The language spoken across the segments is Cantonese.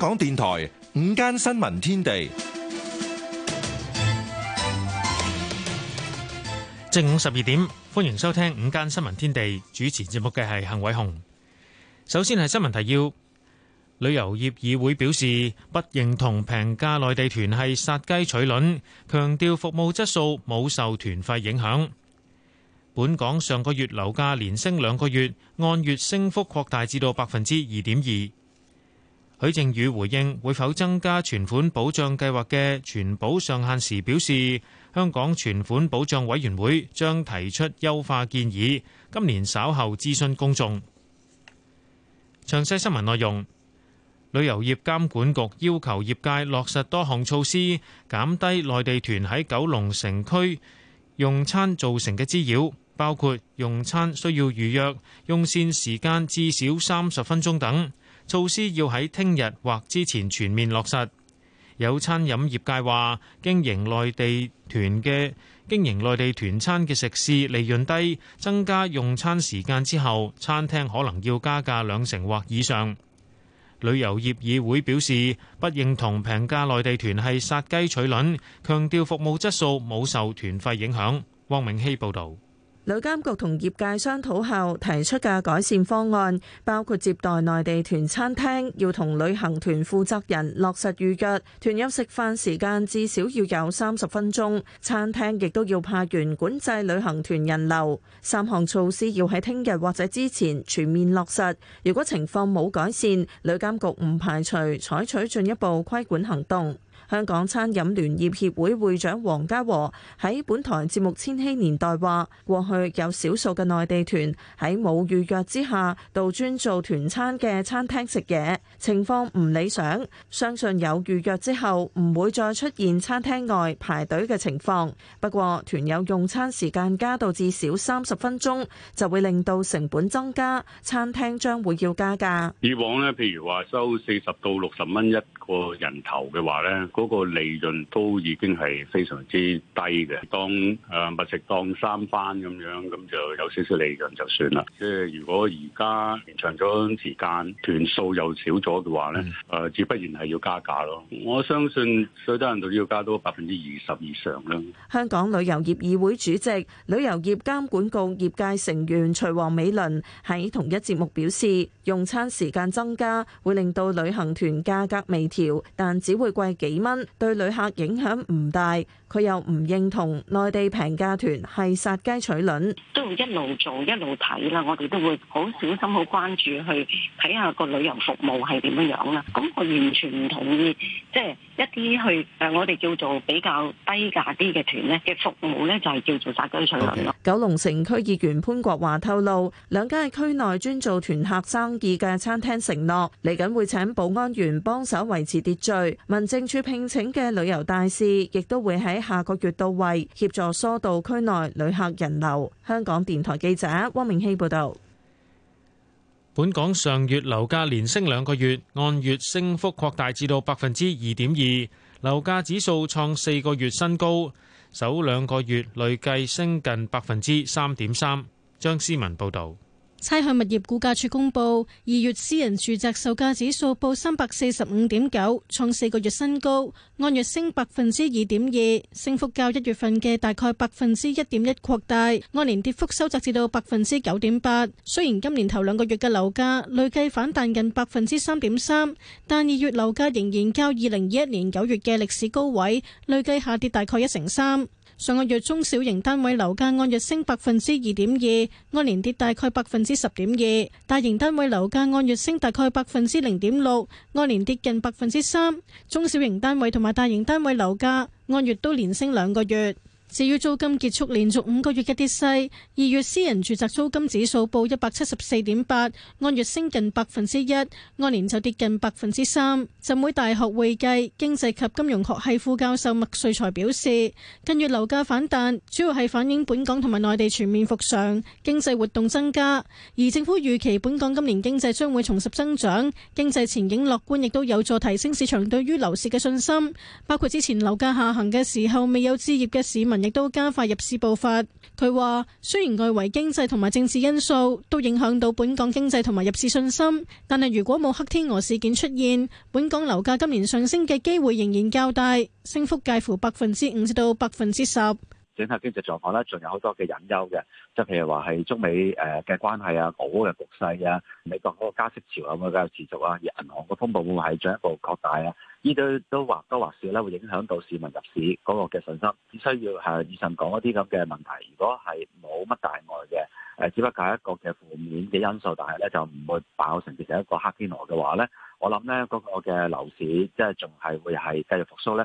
香港電台午間新聞天地，正午十二點，歡迎收聽午間新聞天地。主持節目嘅係幸偉雄。首先係新聞提要：旅遊業議會表示不認同平價內地團係殺雞取卵，強調服務質素冇受團費影響。本港上個月樓價連升兩個月，按月升幅擴大至到百分之二點二。許正宇回應會否增加存款保障計劃嘅存保上限時，表示香港存款保障委員會將提出優化建議，今年稍後諮詢公眾。詳細新聞內容：旅遊業監管局要求業界落實多項措施，減低內地團喺九龍城區用餐造成嘅滋擾，包括用餐需要預約、用膳時間至少三十分鐘等。措施要喺聽日或之前全面落實。有餐飲業，業界話，經營內地團嘅經營內地團餐嘅食肆，利潤低，增加用餐時間之後，餐廳可能要加價兩成或以上。旅遊業議會表示，不認同平價內地團係殺雞取卵，強調服務質素冇受團費影響。汪永熙報導。旅監局同業界商討後提出嘅改善方案，包括接待內地團餐廳要同旅行團負責人落實預約，團友食飯時間至少要有三十分鐘，餐廳亦都要派員管制旅行團人流。三項措施要喺聽日或者之前全面落實。如果情況冇改善，旅監局唔排除採取進一步規管行動。香港餐飲聯業協會會長黃家和喺本台節目《千禧年代》話：過去有少數嘅內地團喺冇預約之下到專做團餐嘅餐廳食嘢，情況唔理想。相信有預約之後，唔會再出現餐廳外排隊嘅情況。不過，團友用餐時間加到至少三十分鐘，就會令到成本增加，餐廳將會要加價。以往呢，譬如話收四十到六十蚊一個人頭嘅話呢。嗰個利潤都已經係非常之低嘅，當誒物食當三番咁樣，咁就有少少利潤就算啦。即係如果而家延長咗時間，團數又少咗嘅話咧，誒自不然係要加價咯。我相信最得人度要加到百分之二十以上啦。香港旅遊業議會主席、旅遊業監管局業界成員徐王美倫喺同一節目表示，用餐時間增加會令到旅行團價格微調，但只會貴幾蚊。對旅客影響唔大。佢又唔認同內地平價團係殺雞取卵，都要一路做一路睇啦。我哋都會好小心、好關注去睇下個旅遊服務係點樣樣啦。咁我完全唔同意，即係一啲去誒我哋叫做比較低價啲嘅團呢嘅服務呢，就係叫做殺雞取卵。九龍城區議員潘國華透露，兩間喺區內專做團客生意嘅餐廳承諾，嚟緊會請保安員幫手維持秩序，民政處聘請嘅旅遊大使亦都會喺下個月到位，協助疏導區內旅客人流。香港電台記者汪明希報道。本港上月樓價連升兩個月，按月升幅擴大至到百分之二點二，樓價指數創四個月新高，首兩個月累計升近百分之三點三。張思文報道。差餉物業估價署公布，二月私人住宅售價指數報三百四十五點九，創四個月新高，按月升百分之二點二，升幅較一月份嘅大概百分之一點一擴大，按年跌幅收窄至到百分之九點八。雖然今年頭兩個月嘅樓價累計反彈近百分之三點三，但二月樓價仍然較二零二一年九月嘅歷史高位累計下跌大概一成三。上個月中小型單位樓價按月升百分之二點二，按年跌大概百分之十點二；大型單位樓價按月升大概百分之零點六，按年跌近百分之三。中小型單位同埋大型單位樓價按月都連升兩個月。至於租金結束連續五個月嘅跌勢，二月私人住宅租金指數報一百七十四點八，按月升近百分之一，按年就跌近百分之三。浸會大學會計、經濟及金融學系副教授麥瑞才表示，近月樓價反彈，主要係反映本港同埋內地全面復常，經濟活動增加。而政府預期本港今年經濟將會重拾增長，經濟前景樂觀，亦都有助提升市場對於樓市嘅信心。包括之前樓價下行嘅時候，未有置業嘅市民。亦都加快入市步伐。佢話雖然外圍經濟同埋政治因素都影響到本港經濟同埋入市信心，但係如果冇黑天鵝事件出現，本港樓價今年上升嘅機會仍然較大，升幅介乎百分之五至到百分之十。整體經濟狀況咧，仲有好多嘅隱憂嘅，即係譬如話係中美誒嘅關係啊、俄烏嘅局勢啊、美國嗰個加息潮會唔會繼續持續啊？而銀行個風暴會唔會係進一步擴大啊？呢堆都或多或少咧，會影響到市民入市嗰個嘅信心。只需要係以上講一啲咁嘅問題，如果係冇乜大礙嘅。誒，只不過係一個嘅負面嘅因素，但係咧就唔會爆成變成一個黑天鵝嘅話呢，我諗呢嗰個嘅樓市即係仲係會係繼續復甦呢，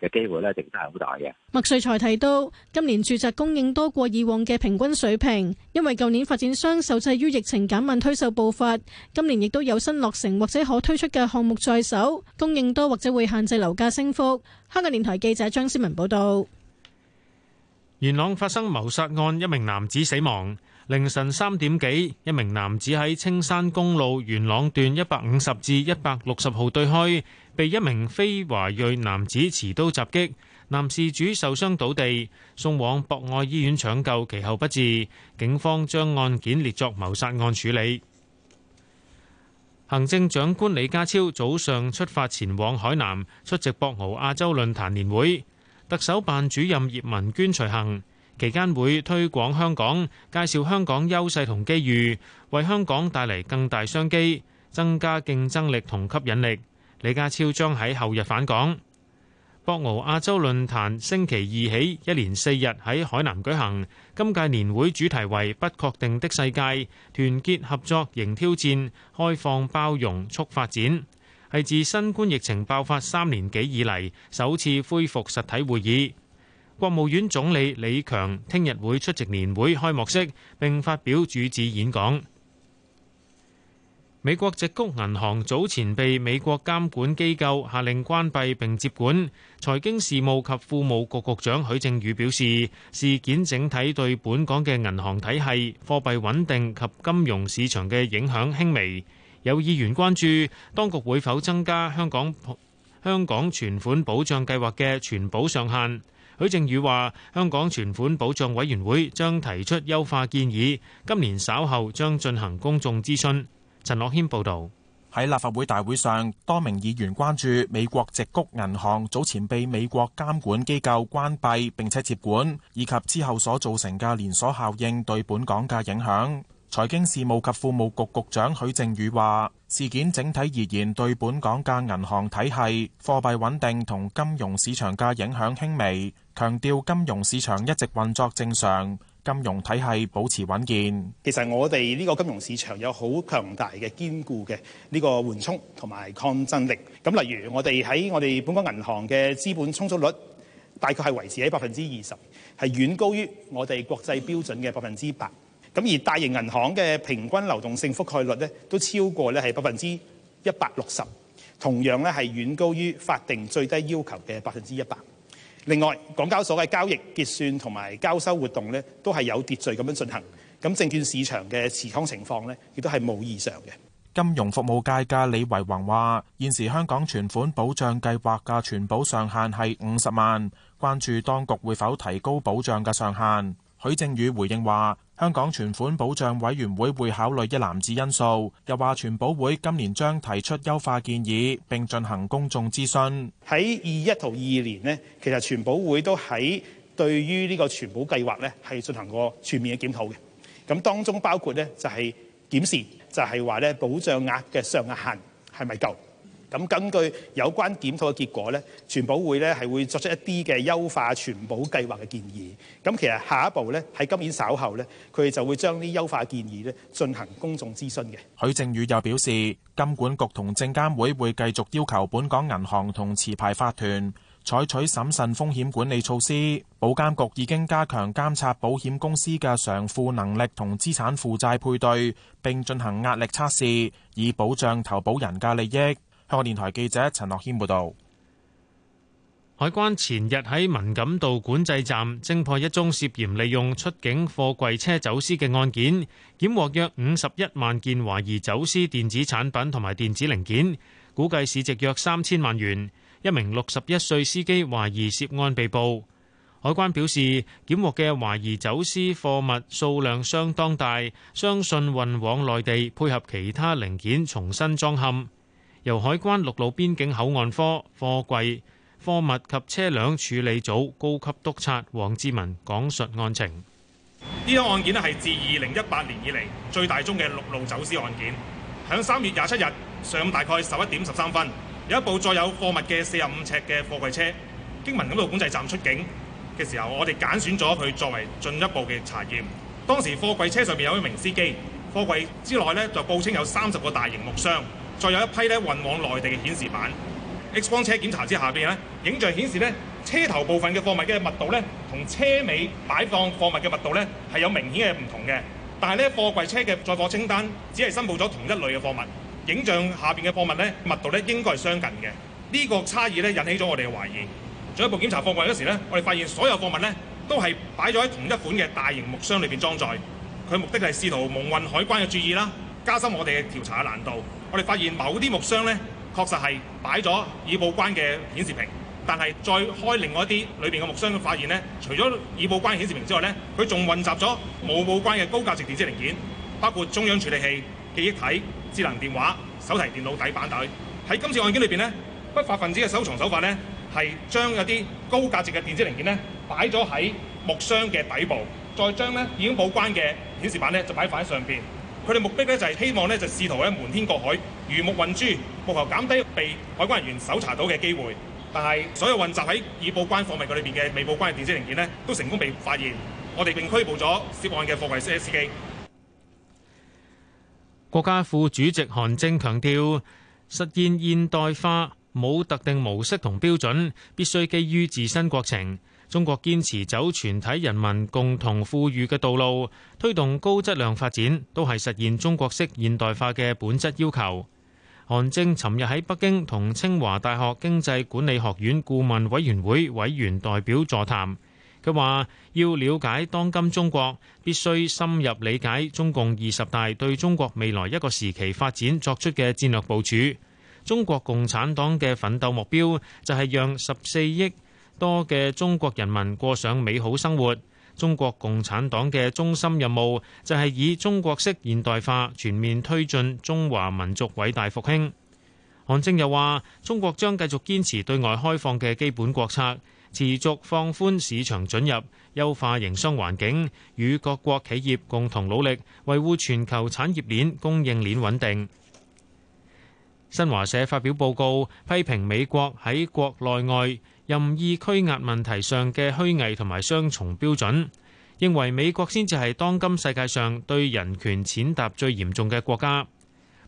誒嘅機會呢，仍然係好大嘅。麥瑞才提到，今年住宅供應多過以往嘅平均水平，因為舊年發展商受制於疫情減慢推售步伐，今年亦都有新落成或者可推出嘅項目在手，供應多或者會限制樓價升幅。香港電台記者張思文報道，元朗發生謀殺案，一名男子死亡。凌晨三點幾，一名男子喺青山公路元朗段一百五十至一百六十號對開，被一名非華裔男子持刀襲擊，男事主受傷倒地，送往博愛醫院搶救，其後不治。警方將案件列作謀殺案處理。行政長官李家超早上出發前往海南出席博鰲亞洲論壇年會，特首辦主任葉文娟隨行。期間會推廣香港，介紹香港優勢同機遇，為香港帶嚟更大商機，增加競爭力同吸引力。李家超將喺後日返港。博鰲亞洲論壇星期二起一連四日喺海南舉行，今屆年會主題為「不確定的世界，團結合作迎挑戰，開放包容促發展」，係自新冠疫情爆發三年幾以嚟首次恢復實體會議。國務院總理李強聽日會出席年會開幕式，並發表主旨演講。美國矽谷銀行早前被美國監管機構下令關閉並接管。財經事務及庫務局局長許正宇表示，事件整體對本港嘅銀行體系、貨幣穩定及金融市場嘅影響輕微。有議員關注當局會否增加香港香港存款保障計劃嘅全保上限。許正宇話：香港存款保障委員會將提出優化建議，今年稍後將進行公眾諮詢。陳樂謙報道，喺立法會大會上，多名議員關注美國矽谷銀行早前被美國監管機構關閉，並且接管，以及之後所造成嘅連鎖效應對本港嘅影響。財經事務及庫務局局，局長許正宇話：事件整體而言對本港嘅銀行體系、貨幣穩定同金融市場嘅影響輕微。強調金融市場一直運作正常，金融體系保持穩健。其實我哋呢個金融市場有好強大嘅堅固嘅呢個緩衝同埋抗震力。咁例如我哋喺我哋本港銀行嘅資本充足率，大概係維持喺百分之二十，係遠高於我哋國際標準嘅百分之八。咁而大型銀行嘅平均流動性覆蓋率呢，都超過咧係百分之一百六十，同樣咧係遠高於法定最低要求嘅百分之一百。另外，港交所嘅交易結算同埋交收活動呢，都係有秩序咁樣進行。咁證券市場嘅持倉情況呢，亦都係冇異常嘅。金融服務界嘅李維宏話，現時香港存款保障計劃嘅存保上限係五十萬，關注當局會否提高保障嘅上限。許正宇回應話。香港存款保障委員會會考慮一籃子因素，又話存保會今年將提出優化建議，並進行公眾諮詢。喺二一到二二年呢，其實存保會都喺對於呢個存保計劃呢，係進行過全面嘅檢討嘅，咁當中包括呢，就係檢視，就係話呢保障額嘅上限係咪夠。咁根據有關檢討嘅結果呢，存保會呢係會作出一啲嘅優化存保計劃嘅建議。咁其實下一步呢喺今年稍後呢，佢哋就會將啲優化建議呢進行公眾諮詢嘅。許正宇又表示，金管局同證監會會繼續要求本港銀行同持牌法團採取審慎風險管理措施。保監局已經加強監察保險公司嘅償付能力同資產負債配對，並進行壓力測試，以保障投保人嘅利益。香港電台記者陳樂謙報道，海關前日喺文錦渡管制站偵破一宗涉嫌利用出境貨櫃車走私嘅案件，檢獲約五十一萬件懷疑走私電子產品同埋電子零件，估計市值約三千萬元。一名六十一歲司機懷疑涉案被捕。海關表示，檢獲嘅懷疑走私貨物數量相當大，相信運往內地配合其他零件重新裝嵌。由海關陸路邊境口岸科貨櫃貨物及車輛處理組高級督察黃志文講述案情。呢單案件咧係自二零一八年以嚟最大宗嘅陸路走私案件。響三月廿七日上午大概十一點十三分，有一部載有貨物嘅四十五尺嘅貨櫃車經文錦路管制站出境嘅時候，我哋揀選咗佢作為進一步嘅查驗。當時貨櫃車上面有一名司機，貨櫃之內咧就報稱有三十個大型木箱。再有一批咧運往內地嘅顯示板 X 光車檢查之下邊咧影像顯示咧車頭部分嘅貨物嘅密度咧同車尾擺放貨物嘅密度咧係有明顯嘅唔同嘅。但係咧貨櫃車嘅載貨清單只係申報咗同一類嘅貨物，影像下邊嘅貨物咧密度咧應該係相近嘅。呢個差異咧引起咗我哋嘅懷疑。進一步檢查貨櫃嗰時咧，我哋發現所有貨物咧都係擺咗喺同一款嘅大型木箱裏邊裝載。佢目的係試圖蒙混海關嘅注意啦，加深我哋嘅調查嘅難度。我哋發現某啲木箱咧，確實係擺咗已報關嘅顯示屏，但係再開另外一啲裏邊嘅木箱，發現咧，除咗已報關顯示屏之外咧，佢仲混雜咗冇報關嘅高價值電子零件，包括中央處理器、記憶體、智能電話、手提電腦底板等。喺今次案件裏邊咧，不法分子嘅收藏手法咧，係將一啲高價值嘅電子零件咧，擺咗喺木箱嘅底部，再將咧已經報關嘅顯示板咧，就擺放喺上邊。佢哋目的咧就係希望呢，就試圖喺瞞天過海，魚目混珠，力求減低被海關人員搜查到嘅機會。但係所有混雜喺已報關貨物裏面嘅未報關嘅電子零件呢，都成功被發現。我哋並拘捕咗涉案嘅貨櫃車司機。國家副主席韓正強調，實現現代化冇特定模式同標準，必須基於自身國情。中國堅持走全體人民共同富裕嘅道路，推動高質量發展，都係實現中國式現代化嘅本質要求。韓正尋日喺北京同清華大學經濟管理學院顧問委員會委員代表座談，佢話：要了解當今中國，必須深入理解中共二十大對中國未來一個時期發展作出嘅戰略部署。中國共產黨嘅奮鬥目標就係讓十四億多嘅中國人民過上美好生活，中國共產黨嘅中心任務就係以中國式現代化全面推進中華民族偉大復興。韓正又話：中國將繼續堅持對外開放嘅基本國策，持續放寬市場准入，優化營商環境，與各國企業共同努力維護全球產業鏈供應鏈穩定。新華社發表報告批評美國喺國內外。任意拘押問題上嘅虛偽同埋雙重標準，認為美國先至係當今世界上對人權踐踏最嚴重嘅國家。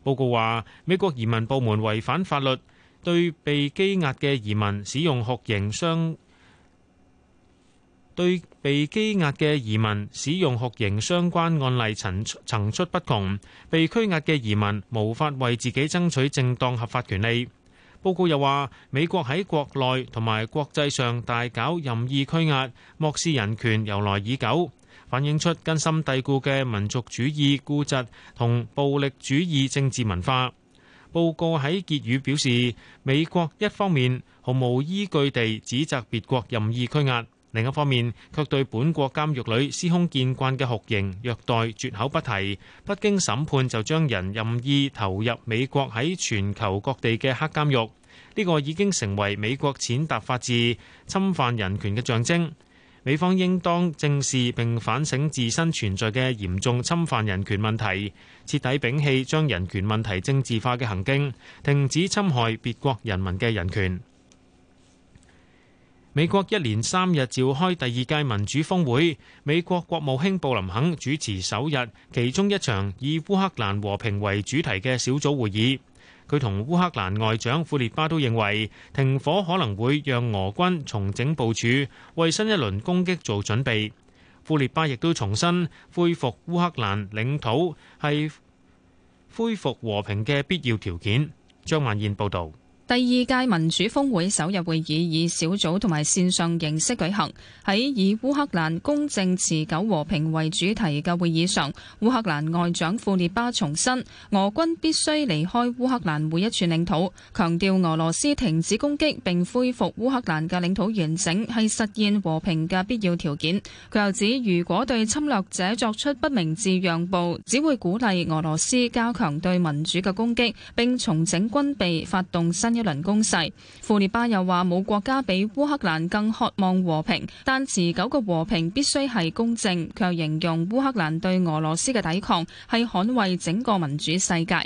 報告話，美國移民部門違反法律，對被拘押嘅移民使用酷刑相對被拘押嘅移民使用酷刑相關案例層層出不窮，被拘押嘅移民無法為自己爭取正當合法權利。報告又話，美國喺國內同埋國際上大搞任意拘押，漠視人權由來已久，反映出根深蒂固嘅民族主義固執同暴力主義政治文化。報告喺結語表示，美國一方面毫無依據地指責別國任意拘押。另一方面，卻對本國監獄裡司空見慣嘅酷刑虐待絕口不提，不經審判就將人任意投入美國喺全球各地嘅黑監獄。呢個已經成為美國踐踏法治、侵犯人權嘅象徵。美方應當正視並反省自身存在嘅嚴重侵犯人權問題，徹底摒棄將人權問題政治化嘅行徑，停止侵害別國人民嘅人權。美國一連三日召開第二屆民主峰會，美國國務卿布林肯主持首日其中一場以烏克蘭和平為主題嘅小組會議。佢同烏克蘭外長庫列巴都認為，停火可能會讓俄軍重整部署，為新一輪攻擊做準備。庫列巴亦都重申恢復烏克蘭領土係恢復和平嘅必要條件。張萬燕報道。第二屆民主峰會首日會議以小組同埋線上形式舉行。喺以烏克蘭公正持久和平為主題嘅會議上，烏克蘭外長庫列巴重申，俄軍必須離開烏克蘭每一寸領土，強調俄羅斯停止攻擊並恢復烏克蘭嘅領土完整係實現和平嘅必要條件。佢又指，如果對侵略者作出不明智讓步，只會鼓勵俄羅斯加強對民主嘅攻擊，並重整軍備，發動新一輪攻勢，庫列巴又話冇國家比烏克蘭更渴望和平，但持久嘅和平必須係公正。佢又形容烏克蘭對俄羅斯嘅抵抗係捍衛整個民主世界。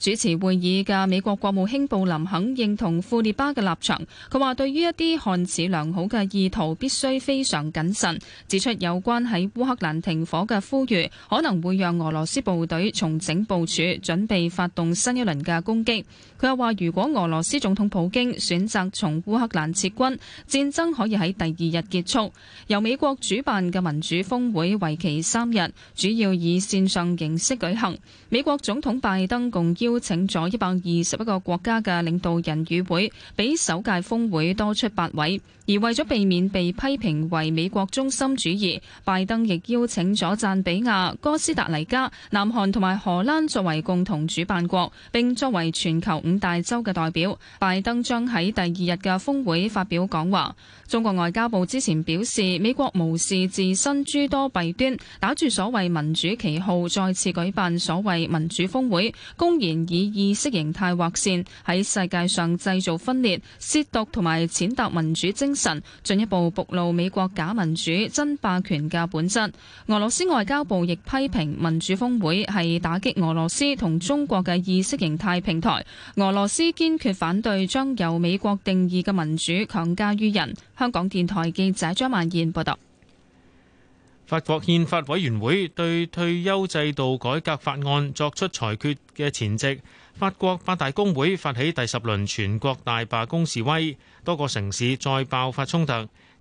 主持會議嘅美國國務卿布林肯認同庫列巴嘅立場，佢話對於一啲看似良好嘅意圖必須非常謹慎，指出有關喺烏克蘭停火嘅呼籲可能會讓俄羅斯部隊重整部署，準備發動新一輪嘅攻擊。佢又話，如果俄羅斯總統普京選擇從烏克蘭撤軍，戰爭可以喺第二日結束。由美國主辦嘅民主峰會為期三日，主要以線上形式舉行。美國總統拜登共邀。邀請咗一百二十一個國家嘅領導人與會，比首屆峰會多出八位。而為咗避免被批評為美國中心主義，拜登亦邀請咗贊比亞、哥斯達黎加、南韓同埋荷蘭作為共同主辦國，並作為全球五大洲嘅代表。拜登將喺第二日嘅峰會發表講話。中國外交部之前表示，美國無視自身諸多弊端，打住所謂民主旗號，再次舉辦所謂民主峰會，公然以意識形態劃線，喺世界上製造分裂、褻瀆同埋踐踏民主精神，進一步暴露美國假民主、真霸權嘅本質。俄羅斯外交部亦批評民主峰會係打擊俄羅斯同中國嘅意識形態平台，俄羅斯堅決反對將由美國定義嘅民主強加於人。香港電台記者張萬燕報道：法國憲法委員會對退休制度改革法案作出裁決嘅前夕，法國八大工會發起第十輪全國大罷工示威，多個城市再爆發衝突，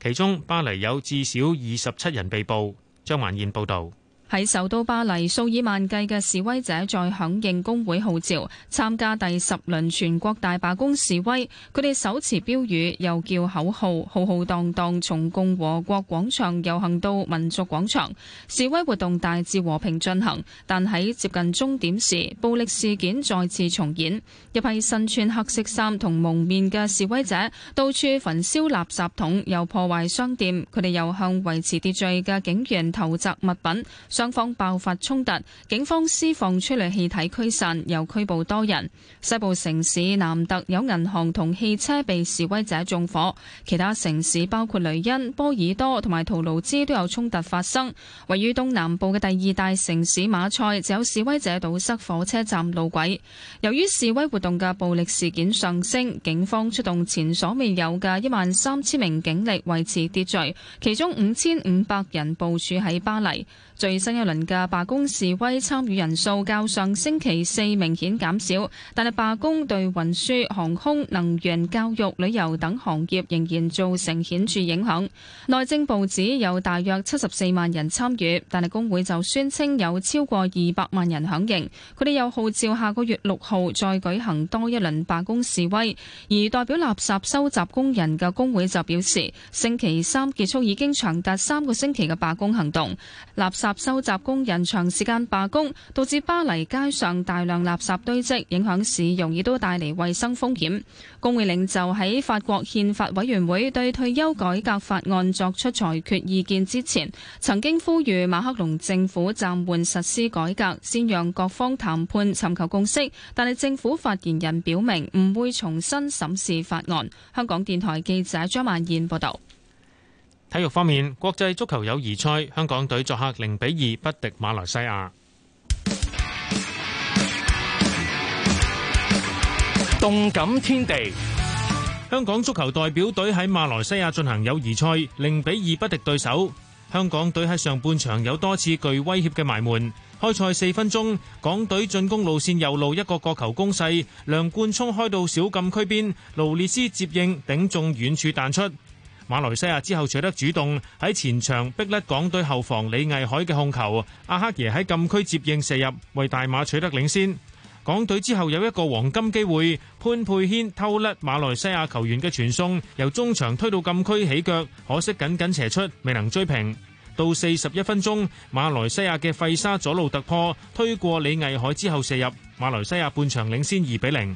其中巴黎有至少二十七人被捕。張萬燕報道。喺首都巴黎，數以萬計嘅示威者在響應工會號召，參加第十輪全國大罷工示威。佢哋手持標語，又叫口號，浩浩蕩蕩從共和國廣場遊行到民族廣場。示威活動大致和平進行，但喺接近終點時，暴力事件再次重演。一批身穿黑色衫同蒙面嘅示威者到處焚燒垃圾桶，又破壞商店。佢哋又向維持秩序嘅警員投擲物品。雙方爆發衝突，警方施放催淚氣體驅散，又拘捕多人。西部城市南特有銀行同汽車被示威者縱火，其他城市包括雷恩、波爾多同埋圖盧茲都有衝突發生。位於東南部嘅第二大城市馬賽，就有示威者堵塞火車站路軌。由於示威活動嘅暴力事件上升，警方出動前所未有嘅一萬三千名警力維持秩序，其中五千五百人部署喺巴黎。最新一輪嘅罷工示威參與人數較上星期四明顯減少，但係罷工對運輸、航空、能源、教育、旅遊等行業仍然造成顯著影響。內政部指有大約七十四萬人參與，但係工會就宣稱有超過二百萬人響應。佢哋又號召下個月六號再舉行多一輪罷工示威，而代表垃圾收集工人嘅工會就表示，星期三結束已經長達三個星期嘅罷工行動，垃圾。垃圾收集工人長時間罷工，導致巴黎街上大量垃圾堆積，影響市容，亦都帶嚟衛生風險。工會領袖喺法國憲法委員會對退休改革法案作出裁決意見之前，曾經呼籲馬克龍政府暫緩實施改革，先讓各方談判尋求共識。但係政府發言人表明唔會重新審視法案。香港電台記者張萬燕報道。體育方面，國際足球友誼賽，香港隊作客零比二不敵馬來西亞。動感天地，香港足球代表隊喺馬來西亞進行友誼賽，零比二不敵對手。香港隊喺上半場有多次具威脅嘅埋門。開賽四分鐘，港隊進攻路線右路一個角球攻勢，梁冠聰開到小禁區邊，勞列斯接應頂中遠處彈出。馬來西亞之後取得主動，喺前場逼甩港隊後防李毅海嘅控球，阿克爺喺禁區接應射入，為大馬取得領先。港隊之後有一個黃金機會，潘佩軒偷甩馬來西亞球員嘅傳送，由中場推到禁區起腳，可惜僅僅斜出，未能追平。到四十一分鐘，馬來西亞嘅費沙左路突破，推過李毅海之後射入，馬來西亞半場領先二比零。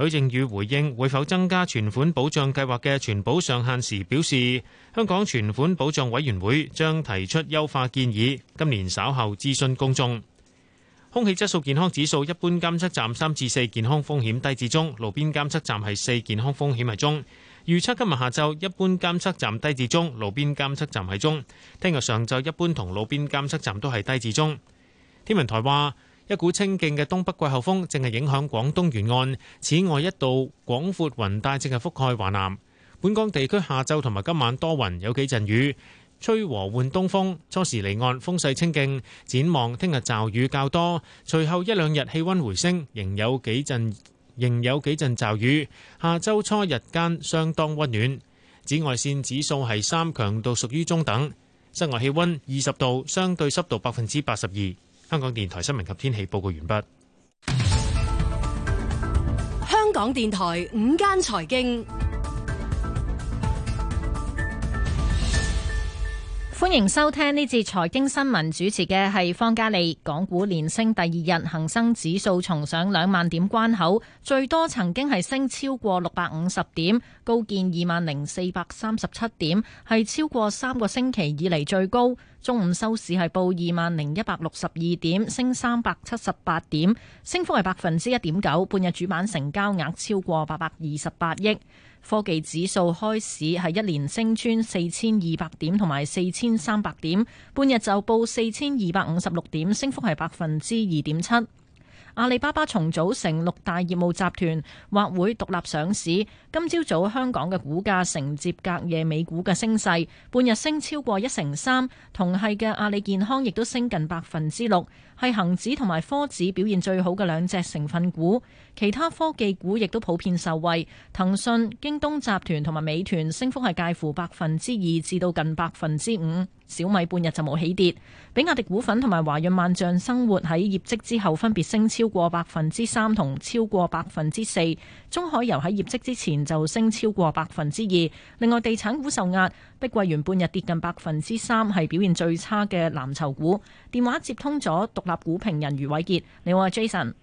許正宇回應會否增加存款保障計劃嘅全保上限時，表示香港存款保障委員會將提出優化建議，今年稍後諮詢公眾。空氣質素健康指數一般監測站三至四健康風險低至中，路邊監測站係四健康風險係中。預測今日下晝一般監測站低至中，路邊監測站係中。聽日上晝一般同路邊監測站都係低至中。天文台話。一股清勁嘅東北季候風正係影響廣東沿岸，此外一道廣闊雲帶正係覆蓋華南。本港地區下晝同埋今晚多雲，有幾陣雨，吹和緩東風，初時離岸風勢清勁，展望聽日驟雨較多，隨後一兩日氣温回升，仍有幾陣仍有幾陣驟雨。下周初日間相當温暖，紫外線指數係三強度，屬於中等。室外氣温二十度，相對濕度百分之八十二。香港電台新聞及天氣報告完畢。香港電台午間財經，歡迎收聽呢節財經新聞，主持嘅係方嘉利。港股連升第二日，恒生指數重上兩萬點關口，最多曾經係升超過六百五十點。高見二萬零四百三十七點，係超過三個星期以嚟最高。中午收市係報二萬零一百六十二點，升三百七十八點，升幅係百分之一點九。半日主板成交額超過八百二十八億。科技指數開市係一連升穿四千二百點同埋四千三百點，半日就報四千二百五十六點，升幅係百分之二點七。阿里巴巴重組成六大業務集團，或會獨立上市。今朝早香港嘅股價承接隔夜美股嘅升勢，半日升超過一成三，同系嘅阿里健康亦都升近百分之六。係恒指同埋科指表現最好嘅兩隻成分股，其他科技股亦都普遍受惠。騰訊、京東集團同埋美團升幅係介乎百分之二至到近百分之五。小米半日就冇起跌，比亞迪股份同埋華潤萬象生活喺業績之後分別升超過百分之三同超過百分之四。中海油喺業績之前就升超過百分之二，另外地產股受壓，碧桂園半日跌近百分之三，係表現最差嘅藍籌股。電話接通咗獨立股評人余偉傑。你好啊，Jason。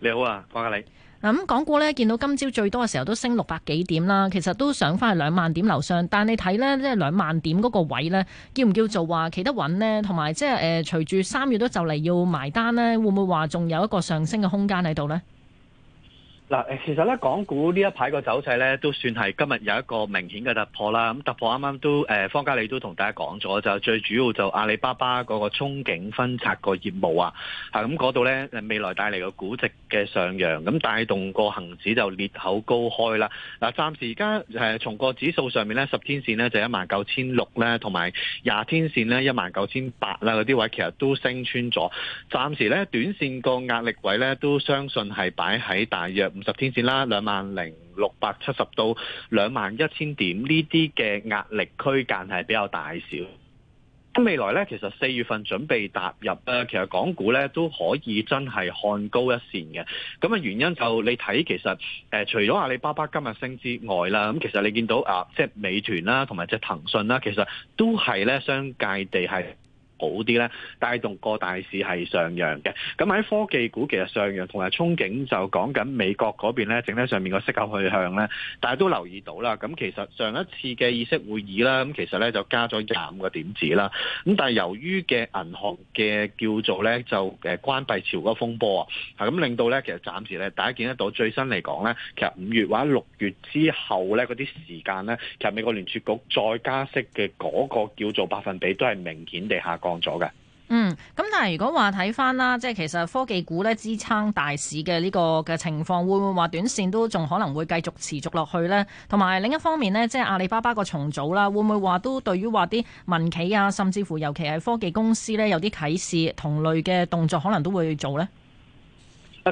你好啊，誇下你。嗱，咁港股呢，見到今朝最多嘅時候都升六百幾點啦，其實都上翻去兩萬點樓上，但你睇呢，即係兩萬點嗰個位呢，叫唔叫做話企得穩呢？同埋即係誒，隨住三月都就嚟要埋單呢，會唔會話仲有一個上升嘅空間喺度呢？嗱，其實咧，港股呢一排個走勢咧，都算係今日有一個明顯嘅突破啦。咁突破啱啱都誒、呃，方家你都同大家講咗，就最主要就阿里巴巴嗰個憧憬分拆個業務啊，嚇咁嗰度咧，誒、嗯、未來帶嚟個估值嘅上揚，咁帶動個恆指就裂口高開啦。嗱、啊，暫時而家誒從個指數上面咧，十天線咧就一萬九千六咧，同埋廿天線咧一萬九千八啦嗰啲位，其實都升穿咗。暫時咧，短線個壓力位咧，都相信係擺喺大約，十天線啦，兩萬零六百七十到兩萬一千點呢啲嘅壓力區間係比較大小。咁未來呢，其實四月份準備踏入咧，其實港股呢都可以真係看高一線嘅。咁嘅原因就你睇，其實誒、呃、除咗阿里巴巴今日升之外啦，咁其實你見到啊，即係美團啦、啊，同埋即係騰訊啦，其實都係呢相界地係好啲咧，帶動個大市係上揚嘅。咁喺科技股其實上揚，同埋憧憬就講緊美國嗰邊咧整體上面個息口去向咧。大家都留意到啦，咁其實上一次嘅議息會議啦，咁其實咧就加咗廿五個點子啦。咁但係由於嘅銀行嘅叫做咧就誒關閉潮嗰個風波啊，咁令到咧其實暫時咧大家見得到最新嚟講咧，其實五月或者六月之後咧嗰啲時間咧，其實美國聯儲局再加息嘅嗰個叫做百分比都係明顯地下降。咗嘅，嗯，咁但係如果話睇翻啦，即係其實科技股咧支撐大市嘅呢個嘅情況，會唔會話短線都仲可能會繼續持續落去呢？同埋另一方面呢，即係阿里巴巴個重組啦，會唔會話都對於話啲民企啊，甚至乎尤其係科技公司呢，有啲啟示同類嘅動作，可能都會做呢？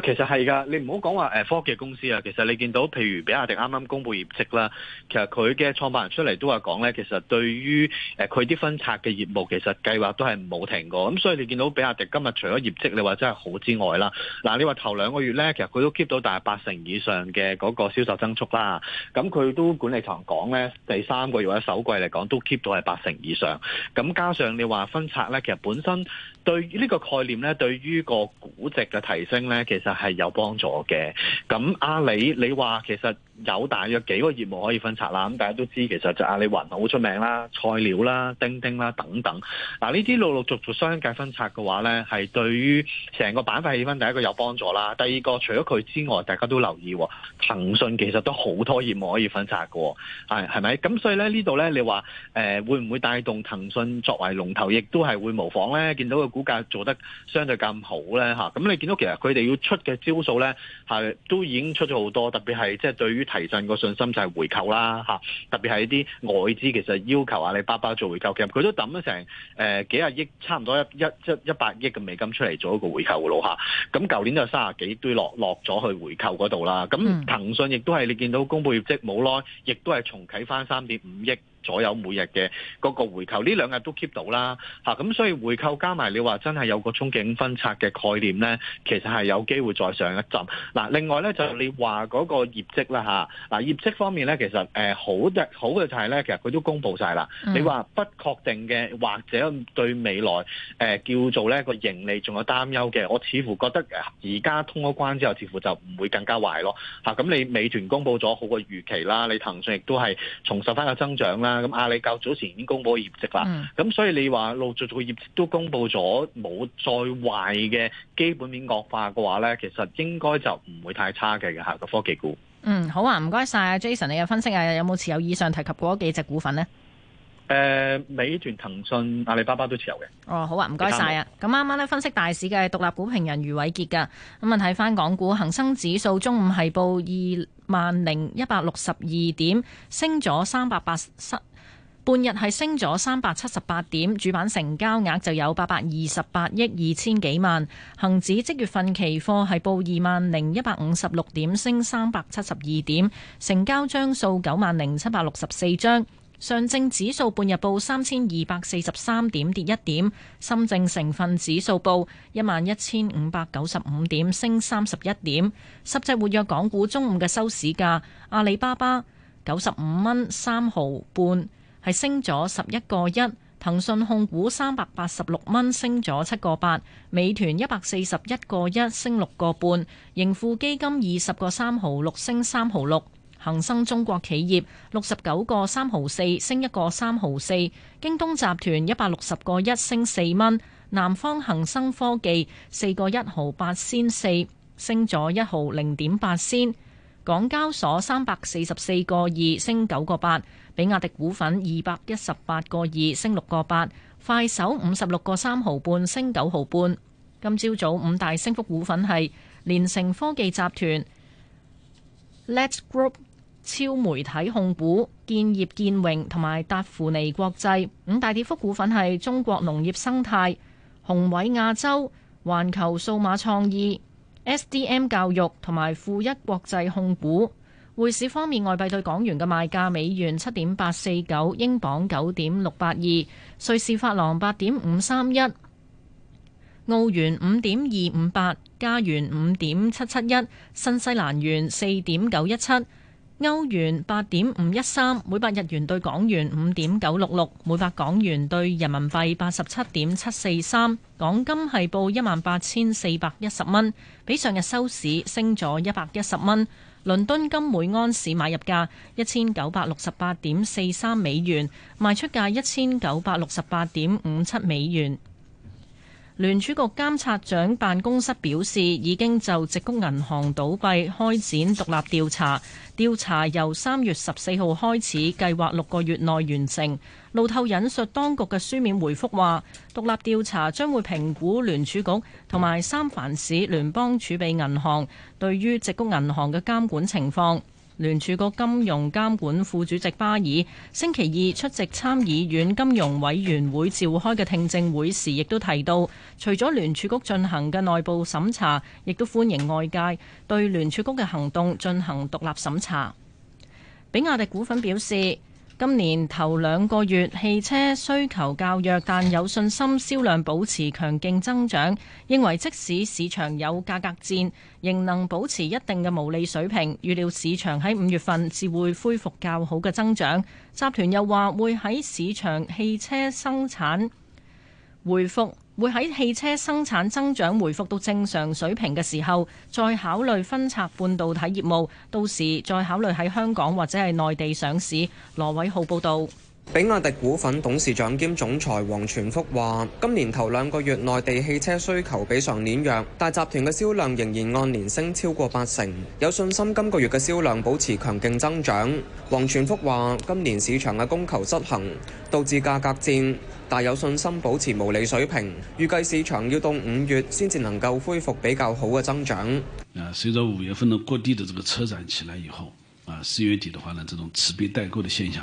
其實係噶，你唔好講話誒科技公司啊。其實你見到，譬如比亞迪啱啱公布業績啦，其實佢嘅創辦人出嚟都話講咧，其實對於誒佢啲分拆嘅業務，其實計劃都係冇停過。咁所以你見到比亞迪今日除咗業績你話真係好之外啦，嗱，啊，你話頭兩個月咧，其實佢都 keep 到大概八成以上嘅嗰個銷售增速啦。咁佢都管理層講咧，第三個月或者首季嚟講都 keep 到係八成以上。咁加上你話分拆咧，其實本身對呢個概念咧，對於個估值嘅提升咧，其實。就係有幫助嘅。咁阿里，你話其實。有大約幾個業務可以分拆啦，咁、嗯、大家都知其實就阿里雲好出名啦、菜鳥啦、釘釘啦等等。嗱呢啲陸陸續續商界分拆嘅話咧，係對於成個板塊氣氛第一個有幫助啦。第二個除咗佢之外，大家都留意、哦、騰訊其實都好多業務可以分拆嘅、哦，係係咪？咁所以咧呢度咧，你話誒、呃、會唔會帶動騰訊作為龍頭，亦都係會模仿咧？見到個股價做得相對咁好咧嚇。咁、啊嗯、你見到其實佢哋要出嘅招數咧，係都已經出咗好多，特別係即係對於。提振個信心就係回購啦嚇，特別係一啲外資其實要求阿里巴巴做回購，其實佢都抌咗成誒、呃、幾廿億，差唔多一一一,一,一百億嘅美金出嚟做一個回購嘅咯嚇。咁、啊、舊年就三十幾堆落落咗去回購嗰度啦。咁騰訊亦都係你見到公佈業績冇耐，亦都係重啓返三點五億。所有 每日嘅嗰個回購，呢兩日都 keep 到啦嚇，咁、啊、所以回購加埋你話真係有個憧憬分拆嘅概念咧，其實係有機會再上一陣。嗱、啊，另外咧就你話嗰個業績啦嚇，嗱、啊、業績方面咧其實誒好嘅好嘅就係咧，其實佢、呃就是、都公布晒啦。你話不確定嘅或者對未來誒、呃、叫做咧個盈利仲有擔憂嘅，我似乎覺得而家通咗關之後，似乎就唔會更加壞咯嚇。咁、啊啊啊啊、你美團公布咗好嘅預期啦、啊，你騰訊亦都係重拾翻個增長啦。咁阿里較早前已經公布業績啦，咁所以你話陸續續業績都公布咗，冇再壞嘅基本面惡化嘅話咧，其實應該就唔會太差嘅吓個科技股。嗯，好啊，唔該晒，Jason 你嘅分析啊，有冇持有以上提及過幾隻股份呢？誒、呃，美團、騰訊、阿里巴巴都持有嘅。哦，好啊，唔該晒啊。咁啱啱咧分析大市嘅獨立股評人余偉杰噶，咁啊睇翻港股恒生指數中午係報二萬零一百六十二點，升咗三百八十。半日係升咗三百七十八點，主板成交額就有八百二十八億二千幾萬。恒指即月份期貨係報二萬零一百五十六點，升三百七十二點，成交張數九萬零七百六十四張。上證指數半日報三千二百四十三點，跌一點。深證成分指數報一萬一千五百九十五點，升三十一點。十隻活躍港股中午嘅收市價，阿里巴巴九十五蚊三毫半，係升咗十一個一，騰訊控股三百八十六蚊升咗七個八，美團一百四十一個一升六個半，盈富基金二十個三毫六升三毫六，恒生中國企業六十九個三毫四升一個三毫四，京東集團一百六十個一升四蚊，南方恒生科技四個一毫八仙四升咗一毫零點八仙，港交所三百四十四個二升九個八。比亞迪股份二百一十八個二升六個八，快手五十六個三毫半升九毫半。今朝早，早五大升幅股份係聯成科技集團、Let's Group、超媒體控股、建業建榮同埋達芙尼國際。五大跌幅股份係中國農業生態、宏偉亞洲、環球數碼創意、SDM 教育同埋富一國際控股。匯市方面，外幣對港元嘅賣價：美元七點八四九，英鎊九點六八二，瑞士法郎八點五三一，澳元五點二五八，加元五點七七一，新西蘭元四點九一七，歐元八點五一三，每百日元對港元五點九六六，每百港元對人民幣八十七點七四三。港金係報一萬八千四百一十蚊，比上日收市升咗一百一十蚊。倫敦金每安士買入價一千九百六十八點四三美元，賣出價一千九百六十八點五七美元。聯儲局監察長辦公室表示，已經就矽谷銀行倒閉開展獨立調查，調查由三月十四號開始，計劃六個月內完成。路透引述當局嘅書面回覆話，獨立調查將會評估聯儲局同埋三藩市聯邦儲備銀行對於矽谷銀行嘅監管情況。聯儲局金融監管副主席巴爾星期二出席參議院金融委員會召開嘅聽證會時，亦都提到，除咗聯儲局進行嘅內部審查，亦都歡迎外界對聯儲局嘅行動進行獨立審查。比亞迪股份表示：今年頭兩個月汽車需求較弱，但有信心銷量保持強勁增長。認為即使市場有價格戰，仍能保持一定嘅毛利水平。預料市場喺五月份至會恢復較好嘅增長。集團又話會喺市場汽車生產回復會喺汽車生產增長恢復到正常水平嘅時候，再考慮分拆半導體業務，到時再考慮喺香港或者係內地上市。羅偉浩報導。比亞迪股份董事長兼總裁王傳福話：今年頭兩個月內地汽車需求比上年弱，但集團嘅銷量仍然按年升超過八成，有信心今個月嘅銷量保持強勁增長。王傳福話：今年市場嘅供求失衡，導致價格戰，但有信心保持毛利水平。預計市場要到五月先至能夠恢復比較好嘅增長。啊，隨着五月份呢，各地的這個車展起來以後，啊，四月底的話呢，這種持幣待購的現象。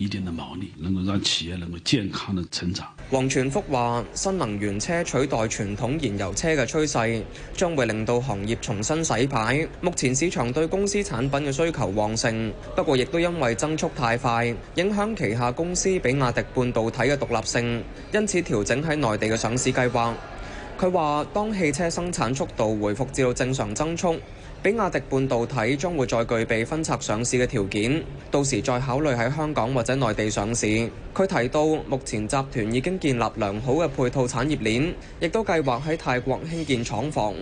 一定的毛利能夠讓企業能夠健康的成長。王傳福話，新能源車取代傳統燃油車嘅趨勢，將會令到行業重新洗牌。目前市場對公司產品嘅需求旺盛，不過亦都因為增速太快，影響旗下公司比亞迪半導體嘅獨立性，因此調整喺內地嘅上市計劃。佢話，當汽車生產速度回復至到正常增速。比亞迪半導體將會再具備分拆上市嘅條件，到時再考慮喺香港或者內地上市。佢提到，目前集團已經建立良好嘅配套產業鏈，亦都計劃喺泰國興建廠房，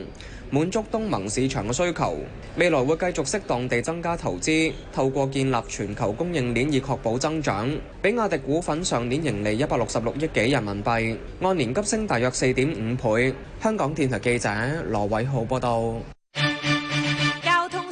滿足東盟市場嘅需求。未來會繼續適當地增加投資，透過建立全球供應鏈以確保增長。比亞迪股份上年盈利一百六十六億幾人民幣，按年急升大約四點五倍。香港電台記者羅偉浩報道。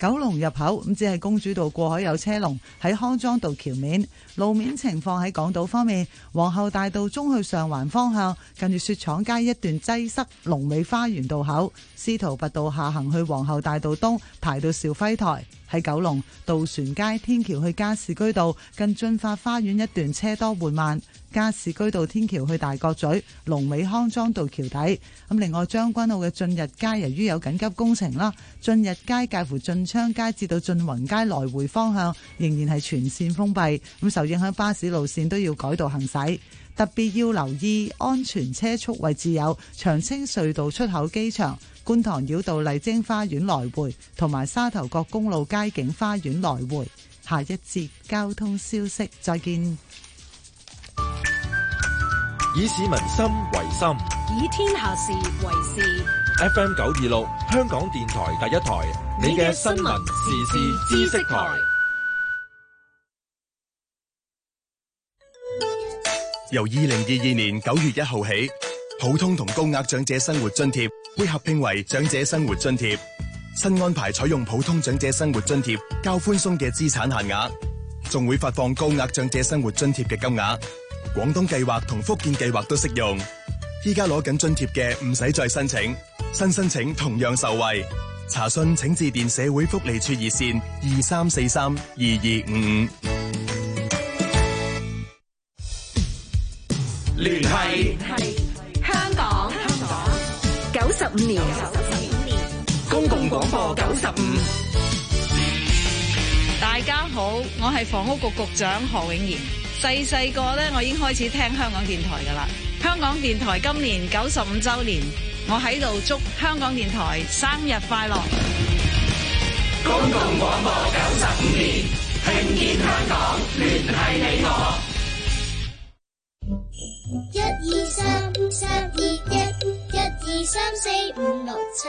九龍入口咁只係公主道過海有車龍，喺康莊道橋面路面情況。喺港島方面，皇后大道中去上環方向，近住雪廠街一段擠塞，龍尾花園道口，司徒拔道下行去皇后大道東排到肇輝台。喺九龍，渡船街天橋去加士居道近駿發花園一段車多緩慢。加士居道天橋去大角咀、龍尾康莊道橋底，咁另外將軍澳嘅駿日街由於有緊急工程啦，駿日街介乎駿昌街至到駿雲街來回方向仍然係全線封閉，咁受影響巴士路線都要改道行駛，特別要留意安全車速位置有長青隧道出口機場、機場觀塘繞道麗晶花園來回，同埋沙頭角公路街景花園來回。下一節交通消息，再見。以市民心為心，以天下事為事。FM 九二六，香港電台第一台，你嘅新聞、時事、知識台。由二零二二年九月一號起，普通同高額長者生活津貼會合併為長者生活津貼。新安排採用普通長者生活津貼較寬鬆嘅資產限額，仲會發放高額長者生活津貼嘅金額。廣東計劃同福建計劃都適用，依家攞緊津貼嘅唔使再申請，新申請同樣受惠。查詢請致電社會福利處熱線二三四三二二五五。聯繫聯繫香港九十五年，九十五年公共廣播九十五。大家好，我係房屋局局長何永賢。細細個咧我已經開始聽香港電台噶啦。香港電台今年九十五周年，我喺度祝香港電台生日快樂。公共廣播九十五年，聽見香港，聯繫你我。一二三，三二一，一二三四五六七。